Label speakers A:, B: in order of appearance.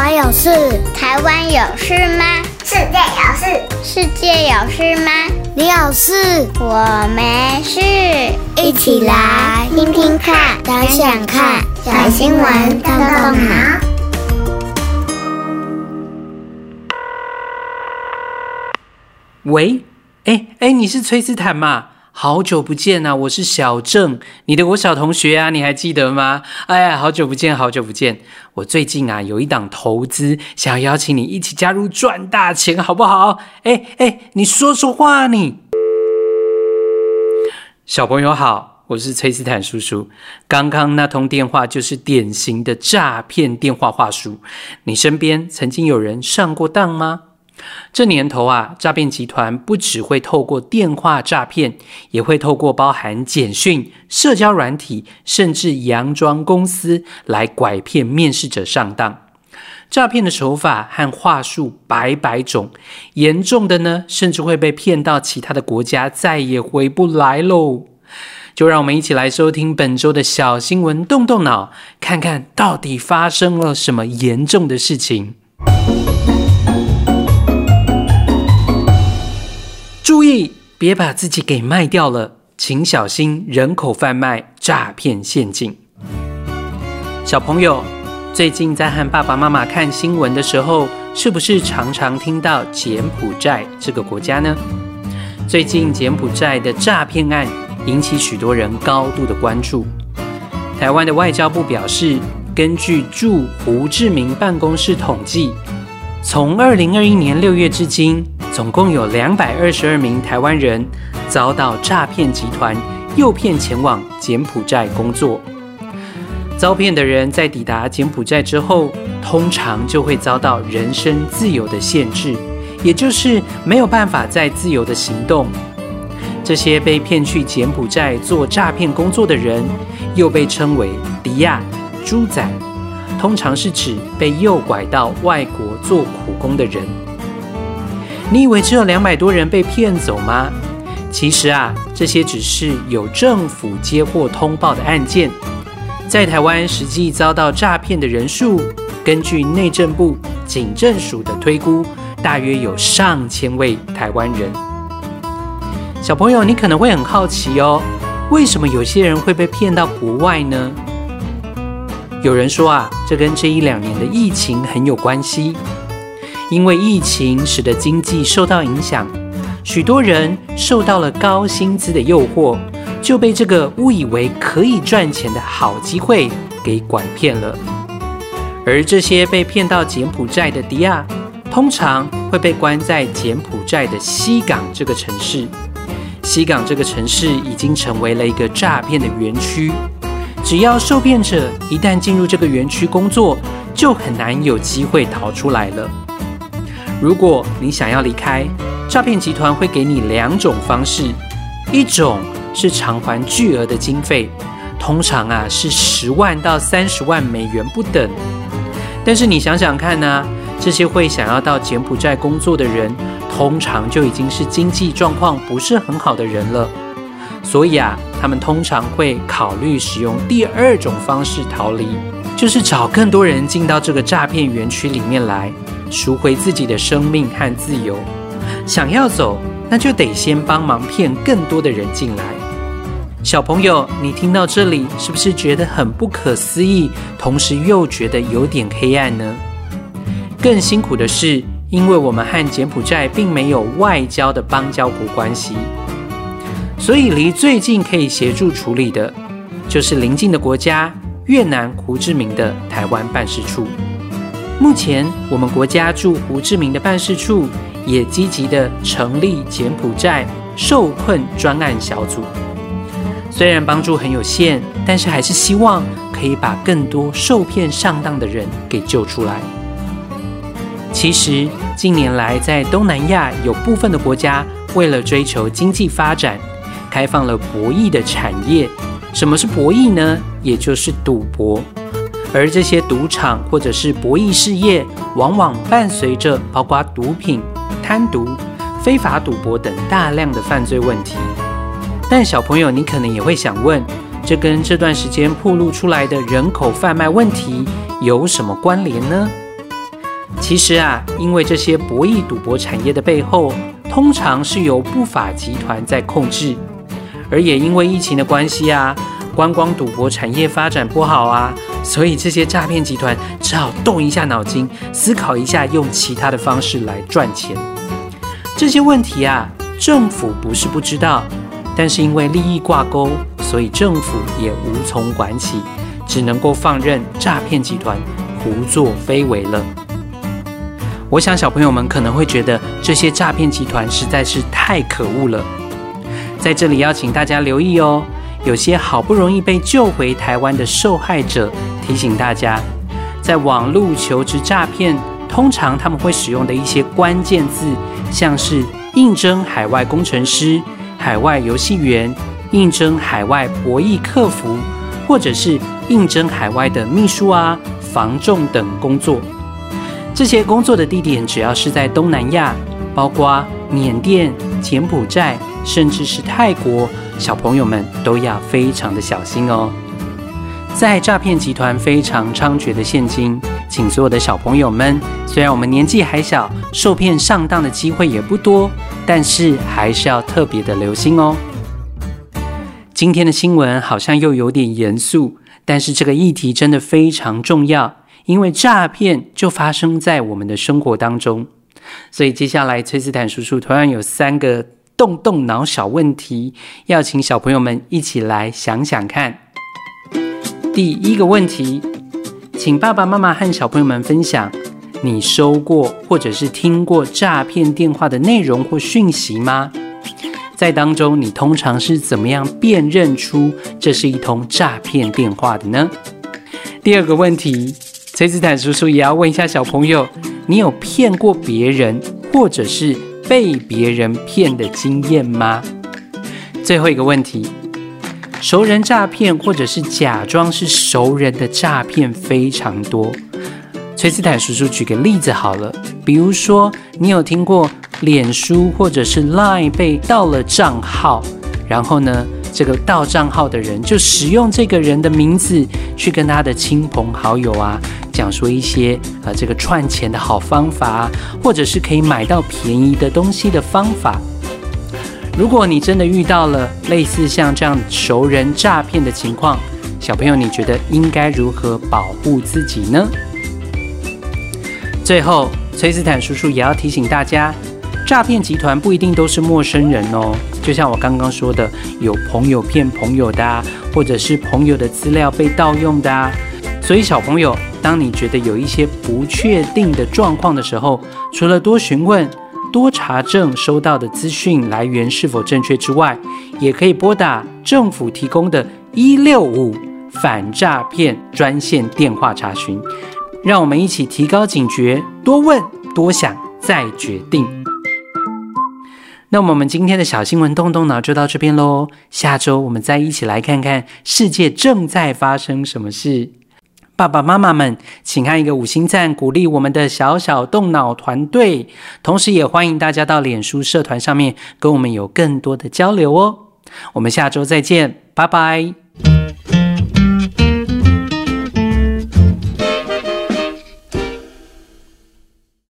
A: 我有事，台灣有事嗎？世界有事，世界有事嗎？你有事，我沒事。一起來聽聽看，想想看，看看小新聞動動腦。喂，哎、欸、哎、欸，你是崔斯坦嗎？好久不見吶、啊，我是小鄭，你的國小同學啊，你還記得嗎？哎呀，好久不見，好久不見。我最近啊有一檔投資，想要邀請你一起加入賺大錢，好不好？哎哎，你說說話、啊、你。小朋友好，我是崔斯坦叔叔。剛剛那通電話就是典型的詐騙電話話術。你身邊曾經有人上過當嗎？這年頭啊，詐騙集團不只會透過電話詐騙，也會透過包含簡訊、社交軟體，甚至佯裝公司來拐騙面試者上當。詐騙的手法和話術百百種，嚴重的呢，甚至會被騙到其他的國家，再也回不來嘍。就讓我們一起來收聽本周的小新聞，動動腦，看看到底發生了什麼嚴重的事情。嗯。注意，別把自己給賣掉了，請小心人口販賣、詐騙陷阱。小朋友，最近在和爸爸媽媽看新聞的時候，是不是常常聽到柬埔寨這個國家呢？最近柬埔寨的詐騙案引起許多人高度的關注。台灣的外交部表示，根據駐胡志明辦公室統計，從二零二一年六月至今，總共有兩百二十二名台灣人遭到詐騙集團誘騙前往柬埔寨工作。遭騙的人在抵達柬埔寨之後，通常就會遭到人身自由的限制，也就是沒有辦法再自由的行動。這些被騙去柬埔寨做詐騙工作的人，又被稱為“迪亞豬仔”，通常是指被誘拐到外國做苦工的人。你以為只有兩百多人被騙走嗎？其實啊，這些只是有政府接獲通報的案件，在台灣實際遭到詐騙的人數，根據內政部警政署的推估，大約有上千位台灣人。小朋友，你可能會很好奇哦，為什麼有些人會被騙到國外呢？有人說啊，這跟這一兩年的疫情很有關係。因為疫情使得經濟受到影響，許多人受到了高薪資的誘惑，就被這個誤以為可以賺錢的好機會給拐騙了。而這些被騙到柬埔寨的迪亞，通常會被關在柬埔寨的西港這個城市。西港這個城市已經成為了一個詐騙的園區，只要受騙者一旦進入這個園區工作，就很難有機會逃出來了。如果你想要離開，詐騙集團會給你兩種方式，一種是償還巨額的經費，通常啊是十萬到三十萬美元不等。但是你想想看呢啊，這些會想要到柬埔寨工作的人，通常就已經是經濟狀況不是很好的人了，所以啊，他們通常會考慮使用第二種方式逃離。就是找更多人進到這個詐騙園區裡面來，贖回自己的生命和自由。想要走，那就得先幫忙騙更多的人進來。小朋友，你聽到這裡是不是覺得很不可思議，同時又覺得有點黑暗呢？更辛苦的是，因為我們和柬埔寨並沒有外交的邦交國關係，所以離最近可以協助處理的就是鄰近的國家。越南胡志明的台灣辦事處，目前我們國家駐胡志明的辦事處也積極地成立柬埔寨受困專案小組。雖然幫助很有限，但是還是希望可以把更多受騙上當的人給救出來。其實近年來在東南亞有部分的國家為了追求經濟發展，開放了博弈的產業。什麼是博弈呢？也就是賭博，而這些賭場或者是博弈事業，往往伴隨着包括毒品、貪瀆、非法賭博等大量的犯罪問題。但小朋友，你可能也會想問，這跟這段時間暴露出來的人口販賣問題有什麼關聯呢？其實啊，因為這些博弈賭博產業的背後，通常是由不法集團在控制。而也因為疫情的關係啊，觀光賭博產業發展不好啊，所以這些詐騙集團只好動一下腦筋，思考一下用其他的方式來賺錢。這些問題啊，政府不是不知道，但是因為利益掛鈎，所以政府也無從管起，只能夠放任詐騙集團胡作非為了。我想小朋友們可能會覺得這些詐騙集團實在是太可惡了。在這裡要請大家留意哦。有些好不容易被救回台灣的受害者提醒大家，在網絡求職詐騙，通常他們會使用的一些關鍵字，像是應徵海外工程師、海外遊戲員、應徵海外博弈客服，或者是應徵海外的秘書啊、房仲等工作。這些工作的地點主要是在東南亞，包括緬甸、柬埔寨。甚至是泰國。小朋友們都要非常的小心哦，在詐騙集團非常猖獗的現今，請所有的小朋友們，雖然我們年紀還小，受騙上當的機會也不多，但是還是要特別的留心哦。今天的新聞好像又有點嚴肅，但是這個議題真的非常重要，因為詐騙就發生在我們的生活當中，所以接下來崔斯坦叔叔同樣有三個。動動腦，小問題要請小朋友們一起來想想看。第一個問題，請爸爸媽媽和小朋友們分享：你收過或者是聽過詐騙電話的內容或訊息嗎？在當中，你通常是怎麼樣辨認出這是一通詐騙電話的呢？第二個問題，崔斯坦叔叔也要問一下小朋友：你有騙過別人，或者是？被別人騙的經驗嗎？最後一個問題，熟人詐騙或者是假裝是熟人的詐騙非常多。崔斯坦叔叔舉個例子好了，比如說你有聽過臉書或者是 Line 被盜了賬號，然後呢？這個盜賬號的人就使用這個人的名字去跟他的親朋好友啊，講述一些啊這個賺錢的好方法啊，或者是可以買到便宜的東西的方法。如果你真的遇到了類似像這樣熟人詐騙的情況，小朋友，你覺得應該如何保護自己呢？最後，崔斯坦叔叔也要提醒大家。詐騙集團不一定都是陌生人哦，就像我剛剛說的，有朋友騙朋友的啊，或者是朋友的資料被盜用的啊。所以小朋友，當你覺得有一些不確定的狀況的時候，除了多詢問、多查證收到的資訊來源是否正確之外，也可以撥打政府提供的一六五反詐騙專線電話查詢。讓我們一起提高警覺，多問、多想再決定。那麼我們今天的小新聞動動腦就到這邊嘍。下周我們再一起來看看世界正在發生什麼事。爸爸媽媽們，請按一個五星讚，鼓勵我們的小小動腦團隊。同時，也歡迎大家到臉書社團上面跟我們有更多的交流哦。我們下周再見，拜拜。